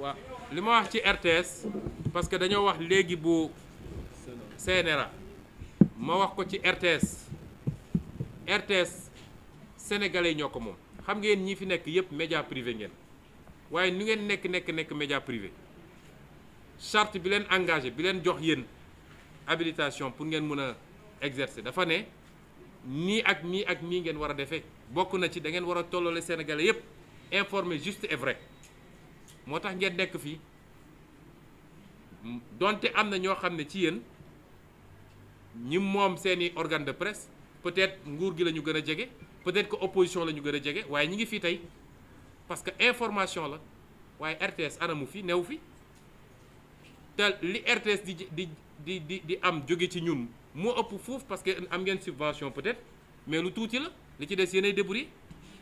waaw li ma wax ci RTS parce que dañoo wax léegi bu CNRA ma wax ko ci RTS RTS sénégalais ñoo ko moom xam ngeen ñii fi nekk yépp média privé ngeen waaye nu ngeen nekk nekk nekk média privé charte bi leen engagé bi leen jox yéen habilitation pour ngeen mën a exercer dafa ne nii ak nii ak nii ngeen war a defee bokk na ci da ngeen war a tolloole sénégalais yépp informer juste et vrai moo tax ngeen nekk fii donte am na ñoo xam ne ci yéen ñi moom seeni organe de presse peut-être nguur gi la ñu gën a jege peut-être que opposition la ñu gën a jege waaye ñi ngi fii tey parce que information la waaye RTS anamu fi new fi te li RTS di di di di di am jóge ci ñun moo ëpp foofu parce que am ngeen subvention peut-être mais lu tuuti la li ci des yéenay débrouiller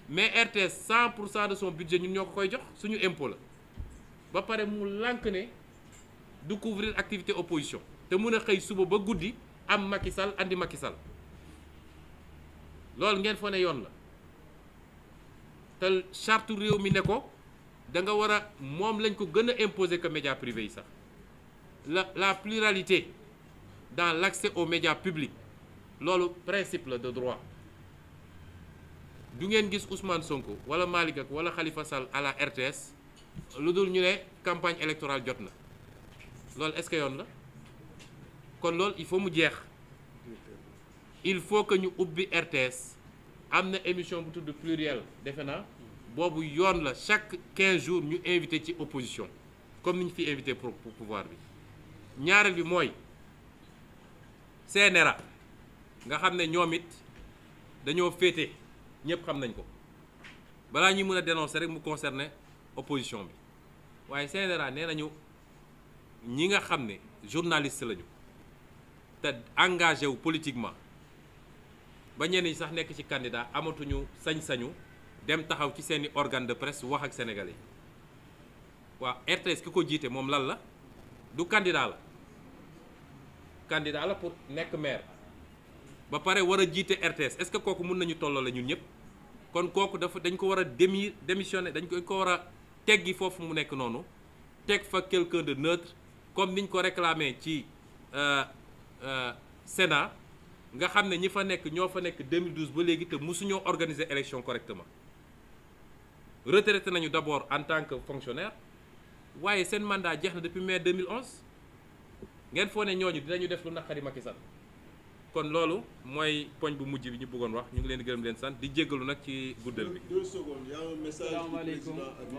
mais RTS 100 pour cent de son budget ñun ñoo ko koy jox suñu impôt la ba pare mu lànk ne du couvrir activité opposition te mun a xëy suba ba guddi am Macky Sall andi Macky Sall loolu ngeen fa ne yoon la te charte réew mi ne ko da nga war a moom lañ ko gën a imposer que médias privés yi sax la la pluralité dans l'accès au médias publics loolu principe la de droit du ngeen gis Ousmane Sonko wala Malick wala xalifa Sall à la RTS lu dul ñu ne campagne électorale jot na loolu est-ce que yoon la kon loolu il faut mu jeex il faut que ñu ubbi RTS am na émission bu tudd pluriel defe naa boobu yoon la chaque 15 jours ñu invité ci opposition comme ni ñu fi invité pour pouvoir bi ñaareel bi mooy CNRA nga xam ne ñoom it dañoo féete ñëpp xam nañ ko balaa ñuy mën a dénoncer rek mu concerner. opposition bi waaye CNRA nee nañu ñi nga xam ne journaliste lañu te engagé wu politiquement ba ñenn ñi sax nekk ci candidat amatuñu sañ-sañu dem taxaw ci seeni organe de presse wax ak sénégalais yi waaw RTS ki ko jiite moom lan la du candidat la candidat la pour nekk maire ba pare war a jiite RTS est-ce que kooku mun nañu tolloo la ñun ñëpp kon kooku dafa dañ ko war démi démissionner dañ ko war a gi foofu mu nekk noonu teg fa quelqu'un de neutre comme niñ ko réclamé ci euh, euh, Sénat nga xam ne ñi fa nekk ñoo fa nekk 2012 ba léegi te mosuñoo organiser élection correctement retraité nañu d'abord en tant que fonctionnaire waaye seen mandat jeex na depuis mai 2011 ngeen foo ne ñooñu ñu def lu naqari Macky Sall kon loolu mooy poñ bu mujj bi ñu bëggoon wax ñu ngi leen di gërëm leen sant di jéggalu nag ci guddal bi. deux